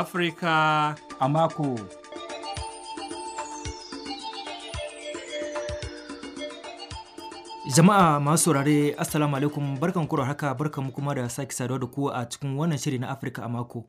Afirka a mako. Jama'a masu saurare Assalamu alaikum barkan kura haka barkan kuma da sake saduwa da ku a cikin wannan shiri na Afirka a mako.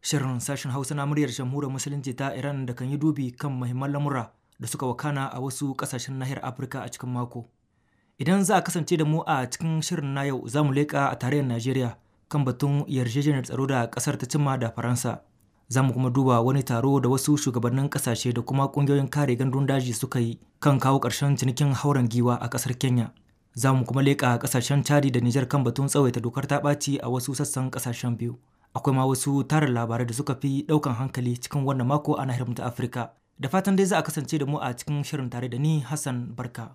Shirin sashen Hausa na muryar jamhuriyar Musulunci ta Iran da kan yi dubi kan muhimman lamura da suka wakana a wasu kasashen nahiyar Afirka a cikin mako. Idan za a kasance da mu a cikin shirin na yau za mu leƙa a tarayyar Najeriya kan batun yarjejeniyar tsaro da ƙasar ta cimma da Faransa. za mu kuma duba wani taro da wasu shugabannin kasashe da kuma ƙungiyoyin kare gandun daji suka yi kan kawo ƙarshen cinikin hauren giwa a ƙasar kenya za mu kuma leƙa ƙasashen chadi da nijar kan batun tsawaita dokar ta ɓaci a wasu sassan ƙasashen biyu akwai ma wasu tarin labarai da suka fi ɗaukan hankali cikin wannan mako a nahiyar ta afirka da fatan dai za a kasance da mu a cikin shirin tare da ni hassan barka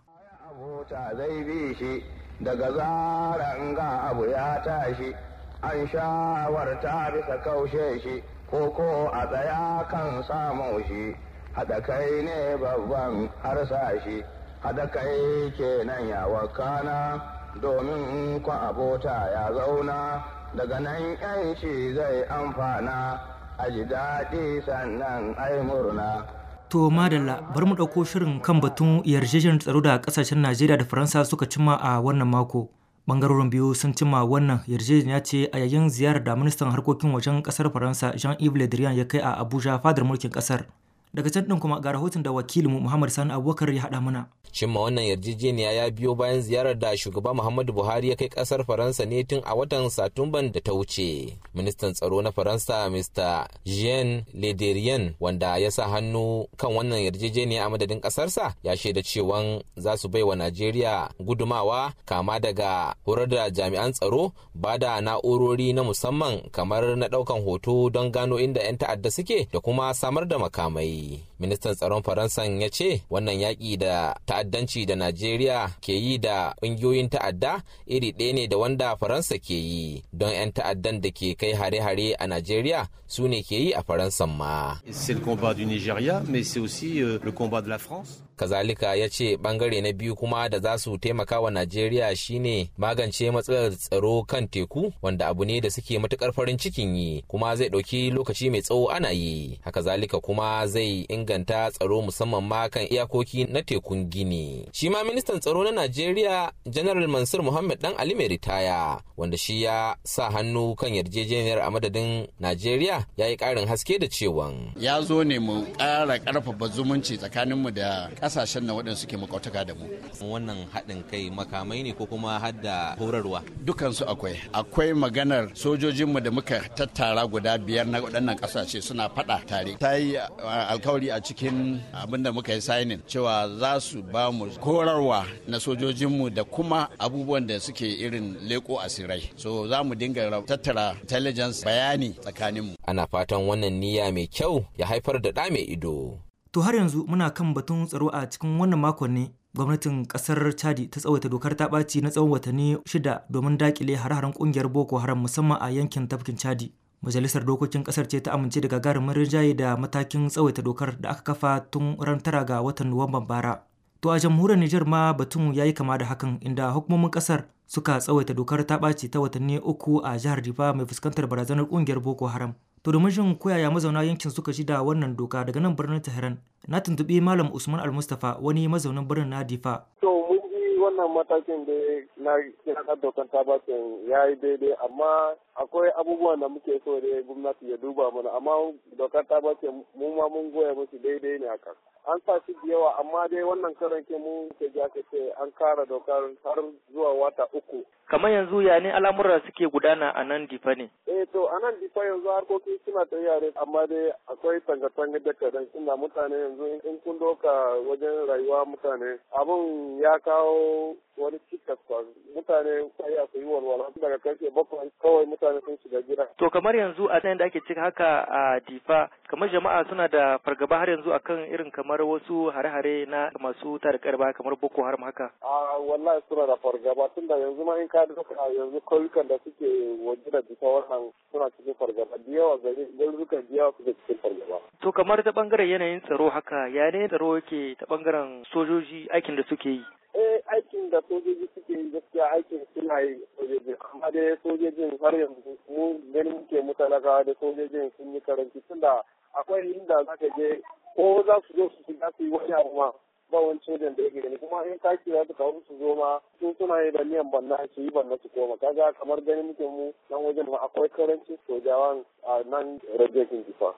ga abu ya tashi an shawarta bisa kaushe shi ko ko a tsaya kan samun shi haɗakai ne babban harsashi Haɗakai kai kenan ya wakana domin ku abota ya zauna daga nan yanci zai amfana a ji daɗi sannan ai murna To Madalla bar mu ɗauko shirin kan batun yarjejen tsaro da ƙasashen Najeriya da Faransa suka cima a wannan mako. Bangarorin biyu sun cimma wannan yarjejeniya ce a yayin ziyarar da ministan harkokin wajen kasar Faransa Jean-Yves Le Drian ya kai a Abuja fadar mulkin kasar. daga can ɗin kuma ga rahoton da mu muhammad sani abubakar ya haɗa mana shin ma wannan yarjejeniya ya biyo bayan ziyarar da shugaba muhammadu buhari ya kai kasar faransa ne tun a watan satumban da ta wuce ministan tsaro na faransa mr jean lederien wanda ya sa hannu kan wannan yarjejeniya a madadin ƙasarsa ya shaida cewa za su bai wa najeriya gudumawa kama daga horar da jami'an tsaro ba da na'urori na musamman kamar na daukan hoto don gano inda 'yan ta'adda suke da kuma samar da makamai ministan tsaron faransan ya ce wannan yaƙi da ta'addanci da najeriya ke yi da ƙungiyoyin ta'adda iri ɗaya ne da wanda faransa ke yi don 'yan ta'addan da ke kai hare-hare a najeriya su ne ke yi a faransan ma euh, kazalika ya ce bangare na biyu kuma da za su taimaka wa najeriya shine magance matsalar tsaro kan teku wanda abu ne da suke matukar farin cikin yi kuma zai ɗauki lokaci mai tsawo ana yi haka zalika kuma zai inganta tsaro musamman ma kan iyakoki na tekun gini shi ma ministan tsaro na najeriya general mansur muhammad dan ali mai ritaya wanda shi ya sa hannu kan yarjejeniyar a madadin najeriya ya yi karin haske da cewan ya zo ne mu kara karfafa zumunci tsakanin mu da kasashen na waɗanda suke makautaka da mu wannan haɗin kai makamai ne ko kuma hadda horarwa dukansu akwai akwai maganar sojojinmu da muka tattara guda biyar na waɗannan ƙasashe suna faɗa tare ta yi alkawari a cikin abin da muka yi sainin cewa za su ba mu korarwa na sojojinmu da kuma abubuwan da suke irin leko asirai so za mu dinga tattara intelligence bayani tsakaninmu ana fatan wannan niyya mai kyau ya haifar da ɗa mai ido to har yanzu muna kan batun tsaro a cikin wannan makon ne gwamnatin kasar chadi ta tsawaita dokar ta ɓaci na tsawon watanni shida domin dakile hare-haren ƙungiyar boko haram musamman a yankin tafkin chadi majalisar dokokin kasar ce ta amince da gagarumin rinjaye da matakin tsawaita dokar da aka kafa tun ran tara ga watan nuwamban bara to a jamhuriyar nijar ma batun ya yi kama da hakan inda hukumomin kasar suka tsawaita dokar ta ɓaci ta watanni uku a jihar difa mai fuskantar barazanar ƙungiyar boko haram to domin jin koyaya mazauna yankin suka ji da wannan doka daga nan birnin tehran na tuntuɓi malam usman al Al-Mustafa wani mazaunin birnin na difa wannan matakin da na kira dokan tabakin ya yi daidai amma akwai abubuwan da muke so da gwamnati ya duba mana amma mụ tabakin mu ma mun goya musu daidai ne an sa shi da yawa amma dai wannan karan ke mu ke ja ka ce an kara dokar har zuwa wata uku. Kamar yanzu ya ne al'amuran suke gudana a nan difa ne? Eh to a nan difa yanzu harkoki suna ta yare amma dai akwai tanga-tanga da kadan inda mutane yanzu in kun doka wajen rayuwa mutane abun ya kawo wani cikas mutane ya su yi walwala daga karfe bakwai kawai mutane sun shiga gida. To kamar yanzu a nan da ake cika haka a difa kamar jama'a suna da fargaba har yanzu akan irin kamar kamar wasu hare-hare na masu tarkar ba kamar boko haram haka a wallahi suna da fargaba tun da yanzu ma in ka duka yanzu kauyukan da suke waje da bisa wannan suna cikin fargaba da yawa gari garurukan da yawa suke cikin fargaba to kamar ta bangaren yanayin tsaro haka ya ne tsaro yake ta bangaren sojoji aikin da suke yi eh aikin da sojoji suke yi gaskiya aikin suna yi sojoji amma dai sojojin har yanzu mu ganin muke mutalaka da sojojin sun yi karanci tunda akwai inda zaka je ko za su zo su shiga su yi wani abu ma ba wani sojan da ya gani kuma in ka kira su kawo su zo ma su suna yi da niyan banna su yi banna su koma kaga kamar ganin muke mu nan wajen ma akwai karancin sojawan a nan rajekin jifa.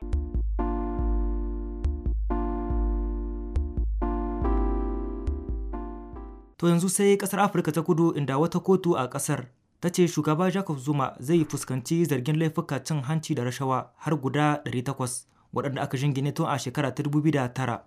To yanzu sai kasar Afirka ta kudu inda wata kotu a kasar ta ce shugaba Jacob Zuma zai fuskanci zargin laifuka cin hanci da rashawa har guda 800 waɗanda aka jingine tun a shekara ta dubu da tara,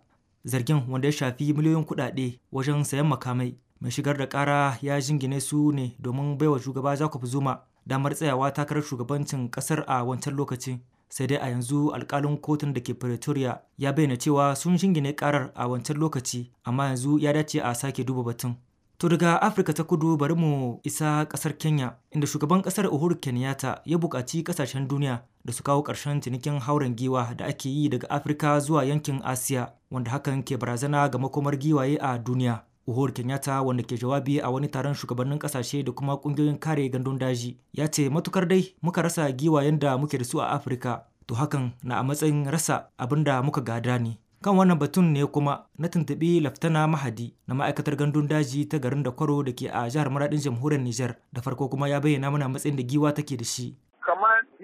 zargin wanda ya shafi miliyoyin kuɗaɗe wajen sayan makamai mai shigar da ƙara ya jingine su ne domin baiwa shugaba jacob zuma damar tsayawa takarar shugabancin ƙasar a wancan lokacin sai dai a yanzu alkalin kotun da ke pretoria ya bayyana cewa sun jingine karar a wancan lokaci amma yanzu ya dace a sake duba batun To daga Afirka ta kudu bari mu isa ƙasar Kenya inda shugaban ƙasar Uhuru Kenyatta ya buƙaci ƙasashen duniya da su kawo ƙarshen cinikin hauren giwa da ake yi daga Afirka zuwa yankin Asiya wanda hakan ke barazana ga makomar giwaye a duniya. Uhuru Kenyatta wanda ke jawabi a wani taron shugabannin ƙasashe da kuma ƙungiyoyin kare gandun daji ya ce matukar dai muka rasa giwayen da muke da su a Afirka to hakan na a matsayin rasa abin da muka gada ne. Kan wannan batun ne kuma na tuntuɓi Laftana Mahadi na ma'aikatar gandun daji ta garin da kwaro da ke a jihar Maradin jamhuriyar Nijar da farko kuma ya bayyana mana matsayin da giwa take da shi.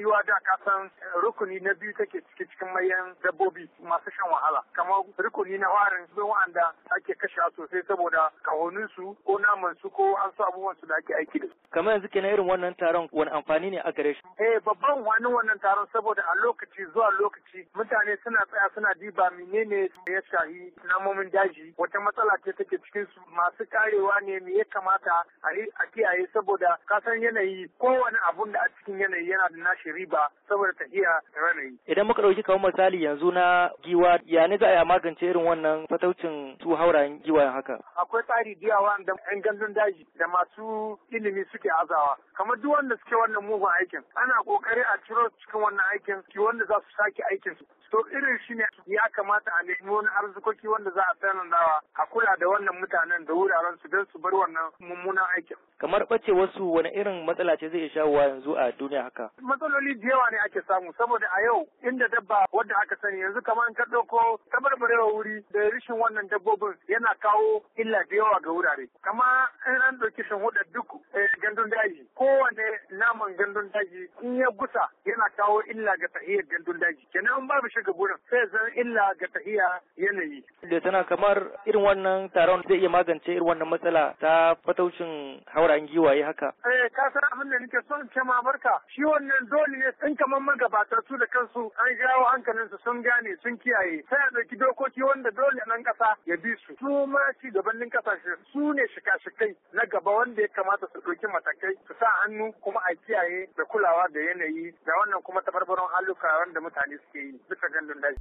giwa da kasan eh, rukuni na biyu take ciki cikin mayan dabbobi masu shan wahala kamar rukuni na warin su wa'anda ake kashe sosai saboda kahonin su ko naman su ko an su abubuwan su da ake aiki da su kamar yanzu kenan irin wannan taron wani amfani ne gare shi. eh babban wani wannan taron saboda a lokaci zuwa lokaci mutane suna tsaya suna diba menene ya shahi namomin daji wata matsala ce take cikin su masu karewa ne me ya kamata a yi a kiyaye saboda kasan yanayi kowane abun da a cikin yanayi yana da nashi riba saboda tafiya da yanayi. Idan muka ɗauki kamar misali yanzu na giwa ya ne za a magance irin wannan fataucin su haurayen giwa haka. Akwai tsari biya wanda ƴan gandun daji da masu ilimi suke azawa. Kamar duk wanda suke wannan mugun aikin ana ƙoƙari a ciro cikin wannan aikin ki wanda za su sake aikin su to irin shi ne ya kamata a nemi wani arzikoki wanda za a sanarwa a kula da wannan mutanen da wuraren su don su bar wannan mummunan aikin. Kamar ɓace wasu wani irin matsala ce zai iya yanzu a duniya haka? Matsaloli da yawa ne ake samu saboda a yau inda dabba wadda aka sani yanzu kamar ka ɗauko tabarbarewa wuri da rishin wannan dabbobin yana kawo illa da yawa ga wurare. Kama in an ɗauki shan duk eh, gandun daji kowane naman gandun daji in ya gusa yana kawo illa ga tahiyar gandun daji. Kenan babu shi daga gurin sai zan illa ga tahiya yanayi tana kamar irin wannan taron zai iya magance irin wannan matsala ta fataucin haurayen giwaye haka. Eh ka san abin da nake son ce ma barka shi wannan dole ne in kamar magabatar su da kansu an jawo hankalin su sun gane sun kiyaye sai a ɗauki dokoki wanda dole nan ƙasa ya bi su. Su ma ci gabanin ƙasashe su ne shika-shikai na gaba wanda ya kamata su ɗauki matakai su sa hannu kuma a kiyaye da kulawa da yanayi da wannan kuma tabarbaron aluka wanda mutane suke yi duka gandun daji.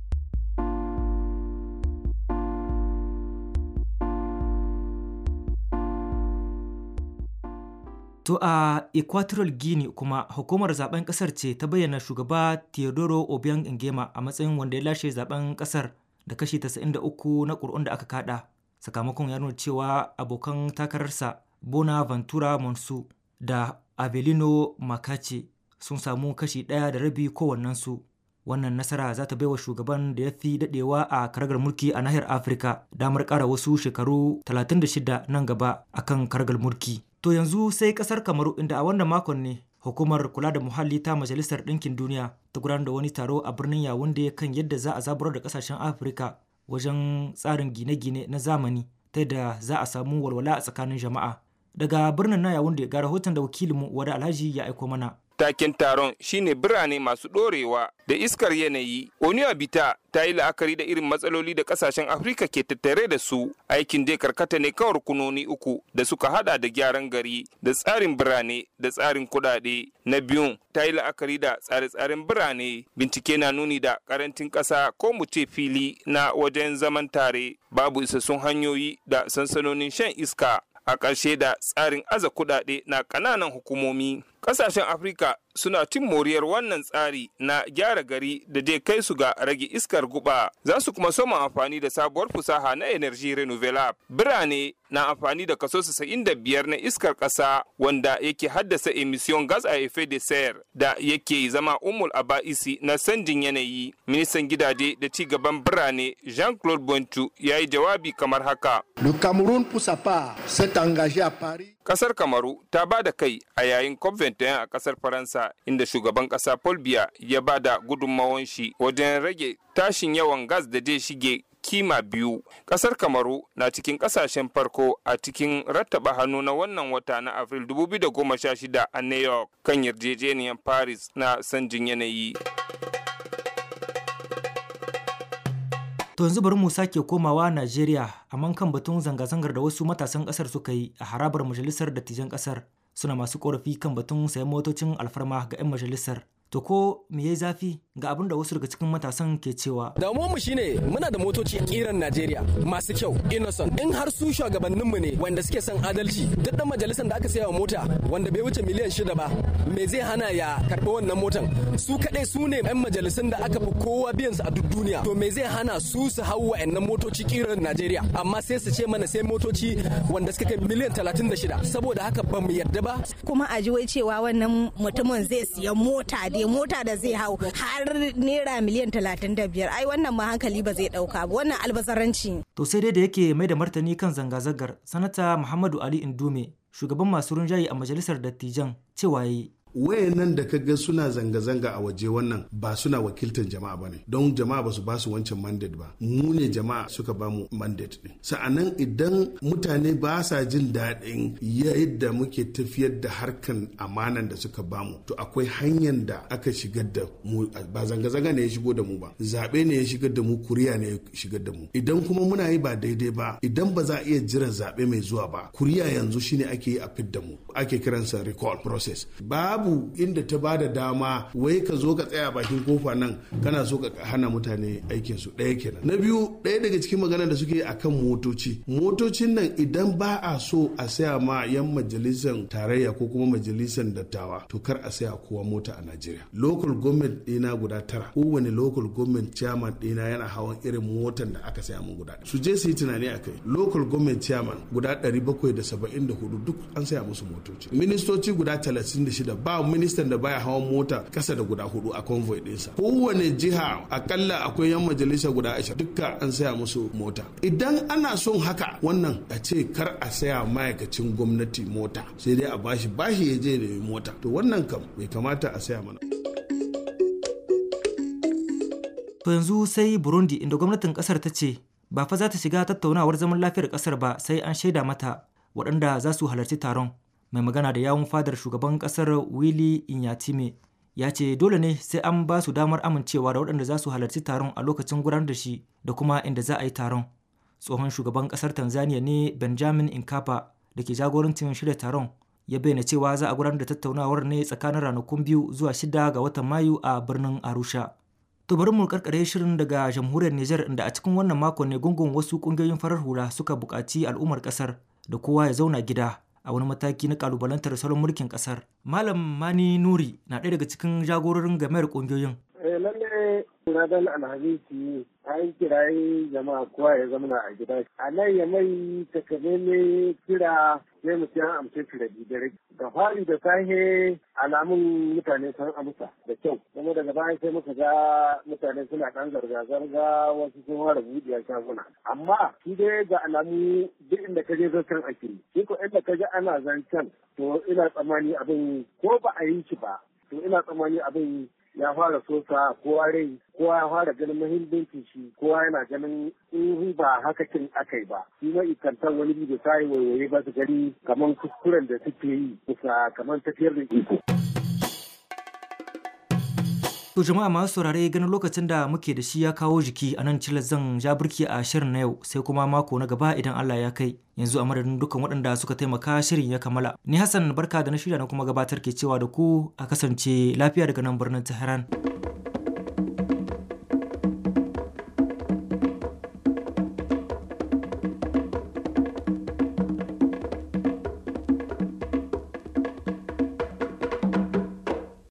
To a Equatorial Guinea kuma hukumar zaben kasar ce ta bayyana shugaba Teodoro Obiang Nguema a matsayin wanda ya lashe zaben kasar da kashi 93 na kur'un da aka kada. Sakamakon ya nuna cewa abokan takararsa Bona Ventura Monsu da Avelino Makace sun samu kashi ɗaya da rabi kowannensu. Wannan nasara za ta baiwa shugaban da ya fi daɗewa a karagar mulki a nahiyar Afirka damar ƙara wasu shekaru 36 nan gaba akan karagar mulki. To yanzu sai kasar Kamaru inda a wannan makon ne hukumar kula da muhalli ta Majalisar Ɗinkin Duniya ta gudanar da wani taro a birnin ya kan yadda za a zaburar da kasashen Afirka wajen tsarin gine-gine na zamani ta yadda za a samu walwala a tsakanin jama'a. Daga birnin na Yawunde ga rahoton da wakilinmu Wada Alhaji ya aiko mana. takin taron shine birane masu ɗorewa da iskar yanayi. Bita ta yi la'akari da irin matsaloli da kasashen Afirka ke tattare da su. Aikin dai karkata ne kawar kunoni uku da suka hada da gyaran gari da tsarin birane da tsarin kudade. Na biyun ta yi la'akari da tsare-tsaren birane. Bincike na nuni da karantin ƙasa ko mu ce fili na wajen zaman tare. Babu isassun hanyoyi da sansanonin shan iska. A ƙarshe da tsarin aza kudade na ƙananan hukumomi. Ƙasashen Afrika suna cin moriyar wannan tsari na gyara gari da dai kai su ga rage iskar guba. Za su kuma soma amfani da sabuwar fusaha na Energy Renewable. Birane na amfani da kaso 95 na iskar ƙasa wanda yake haddasa emission gas a effet de serre da yake zama umul aba'isi na sanjin yanayi. Ministan gidaje da ci gaban birane Jean-Claude Bontu ya yi jawabi kamar haka. Le Cameroun pour sa part s'est engagé à Paris. Kasar Kamaru ta ba da kai a yayin COP21 a kasar Faransa inda shugaban kasa Paul Biya ya ba da gudunmawan shi wajen rage tashin yawan gas da zai shige kima biyu. Kasar Kamaru na cikin kasashen farko a cikin rattaba hannu na wannan wata na Afril 2016 a New York kan yarjejeniyar Paris na sanjin yanayi. To yanzu bari Musa ke komawa Najeriya amma kan batun zanga-zangar da wasu matasan ƙasar suka yi a harabar majalisar dattijan ƙasar suna masu ƙorafi kan batun sayan motocin alfarma ga 'yan majalisar. To ko me ya zafi? ga abin da wasu daga cikin matasan ke cewa. Damuwanmu shine muna da motoci kiran Najeriya masu kyau innocent in har su shugabanninmu ne wanda suke son adalci duk da majalisar da aka saya wa mota wanda bai wuce miliyan shida ba me zai hana ya karɓi wannan motan su kaɗai su ne 'yan majalisun da aka fi kowa biyan su a duk duniya to me zai hana su su hau wa'annan motoci kiran Najeriya amma sai su ce mana sai motoci wanda suka kai miliyan talatin da shida saboda haka ba mu yarda ba. Kuma a ji wai cewa wannan mutumin zai siya mota da mota da zai hau har naira miliyan talatin da biyar ai wannan ma hankali ba zai ɗauka ba wannan albazaranci. To sai dai da yake mai da martani kan zanga-zangar sanata Muhammadu Ali Indume shugaban masu rinjaye a majalisar dattijan cewa yi wayannan da ka ga suna zanga-zanga a waje wannan ba suna wakiltar jama'a ba ne don jama'a ba su ba su wancan mandate ba mu ne jama'a suka ba mu mandate ne. sa'annan idan mutane ba sa jin daɗin yadda muke tafiyar da harkan amanan da suka ba mu to akwai hanyar da aka shigar da mu ba zanga-zanga ne ya shigo da mu ba zaɓe ne ya shigar da mu kuriya ne ya shigar da mu idan kuma muna yi ba daidai ba idan ba za a iya jiran zaɓe mai zuwa ba kuriya yanzu shine ake yi a fidda mu ake kiransa recall process babu babu inda ta ba da dama wai ka zo ka tsaya bakin kofa nan kana so ka hana mutane aikin su ɗaya kenan na biyu ɗaya daga cikin magana da suke akan motoci motocin nan idan ba a so a saya ma yan majalisar tarayya ko kuma majalisar dattawa to kar a saya kowa mota a Najeriya local government ɗina guda tara kowane local government chairman ɗina yana hawan irin motan da aka saya mun guda su je su yi tunani a kai local government chairman guda 774 duk an saya musu motoci ministoci guda 36 ba ba ministan da baya hawan mota kasa da guda hudu a convoy dinsa kowane jiha akalla akwai yan majalisa guda ashirin dukka an saya musu mota idan ana son haka wannan a ce kar a saya ma'aikacin gwamnati mota sai dai a bashi bashi ya je da mota to wannan kam bai kamata a saya mana to yanzu sai burundi inda gwamnatin kasar ta ce ba fa za ta shiga tattaunawar zaman lafiyar kasar ba sai an shaida mata waɗanda za su halarci taron mai magana da yawun fadar shugaban kasar willy inyatime ya ce dole ne sai an ba su damar amincewa da waɗanda za su halarci taron a lokacin gudanar da shi da kuma inda za a yi taron tsohon shugaban kasar tanzania ne benjamin inkapa da ke jagorancin shirya taron ya bayyana cewa za a gudanar da tattaunawar ne tsakanin ranakun biyu zuwa shida ga watan mayu a birnin arusha to bari mu karkare shirin daga jamhuriyar niger inda a cikin wannan makon ne gungun wasu kungiyoyin farar hula suka bukaci al'ummar kasar da kowa ya zauna gida a wani mataki na kalubalantar salon mulkin kasar malam mani nuri na ɗaya daga cikin jagororin gamayar ƙungiyoyin ai Alhamisu alhamis ne an kirayi jama'a kowa ya zamana a gida a nan ya mai ne kira sai mu an amsa shi da dare fari da sahe alamun mutane sun amsa da kyau kuma daga baya sai muka ga mutane suna kan zarga-zarga wasu sun fara buɗe shaguna amma shi dai ga alamu duk inda ka je zancen ake shi ko inda ka je ana zancen to ina tsammani abin ko ba a yi shi ba to ina tsammani abin ya fara sosa kowa rai kowa ya fara ganin mahimmancin shi kowa yana ganin in ba haka kin akai ba shi ma ikantar wani bi da sai waiwaye ba su gani kamar kuskuren da suke yi kusa kamar tafiyar da iko. To jama'a masu saurare ganin lokacin da muke da shi ya kawo jiki a nan cilas zan ja birki a shirin na yau sai kuma mako na gaba idan Allah ya kai. Yanzu a madadin dukkan waɗanda suka taimaka shirin ya kammala. Ni Hassan barka da na shirya na kuma gabatar ke cewa da ku a kasance lafiya daga nan birnin Tehran.